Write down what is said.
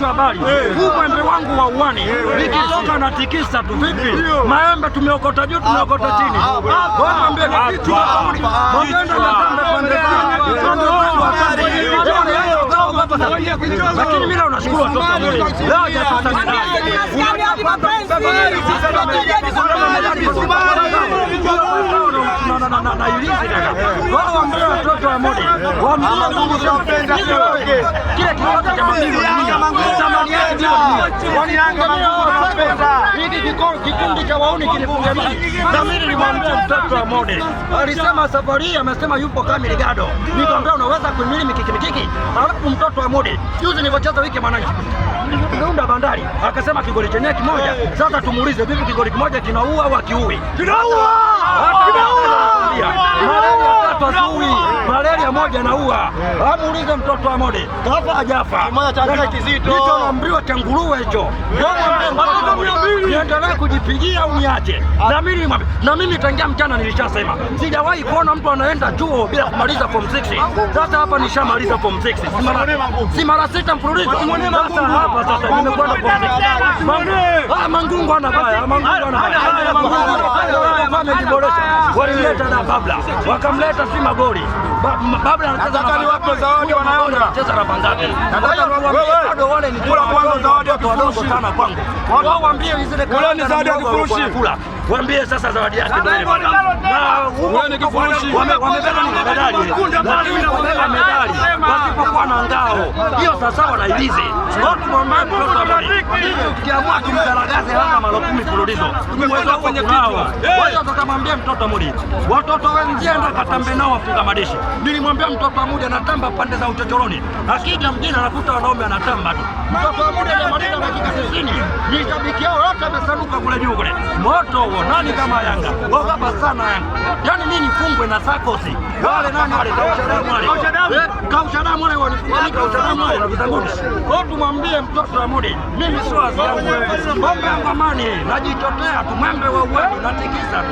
waandishi wa habari, huu mwembe wangu wa uani nikitoka na tikisa tu. Vipi maembe tumeokota juu, tumeokota chini, lakini mimi nashukuru watoto wa Modi kile Kikundi cha wauni kilifunga miji. Samiri limwambia mtoto wa Mode, alisema safari, amesema yupo kama ligado. Nikamwambia unaweza kuimili mikiki mikiki, alafu mtoto wa Mode juzi nilipocheza wiki mwananchi Tumeunda bandari akasema kigoli chenyewe kimoja. Sasa tumuulize vipi, kigoli kimoja kinaua au kiui? Kinaua, kinaua. moja naua. Hebu muulize mtoto wa Mode kafa yaani kizito. hicho naambiwa cha nguruwe hicho yaani niendelee kujipigia uniache. Ah. Na mimi Na mimi tangia mchana nilishasema sijawahi kuona mtu anaenda chuo bila kumaliza form 6. Sasa hapa nishamaliza form 6, si mara sita mfululizo. Sasa hapa sasa nimekwenda form 6. Ah, Mangungu ana baya, Mangungu ana baya wakamleta na Babla, wakamleta si magoli. Babla anacheza na Babla, anacheza na Bangapi bado wale ni kula kwanza zawadi ya kifurushi sana kwangu. Wao waambie zile kula ni zawadi ya kifurushi. Kula. Waambie sasa zawadi yake ndio ile. Na wewe ni kifurushi. Wamebeba ni medali. Wamebeba medali. Wasipokuwa na ngao. Hiyo sasa wanailize. Watu mwambie mtoto amani. Ukiamua kimgaragaze hata mara 10 mfululizo. Tumeweza kwenye kitu. Wewe utakamwambia mtoto amani. Watoto wenzienda katambe nao wafunga madishi. Nilimwambia mtoto amani anatamba pande za uchochoroni. Akija mjini anakuta wanaume anatamba bado mtoto wa muda amaliza dakika 90, ni shabiki yao yote amesanuka kule juu kule. Moto huo nani kama Yanga ogaba sana Yanga, yaani mimi nifungwe na sakosi wale nani wale kausha damu wale wanifungwa eh, wale na vitanguni kwao. Tumwambie mtoto wa muda, mimi sio azamu bombe ya amani, najichotea tumwembe wa uwezo natikisa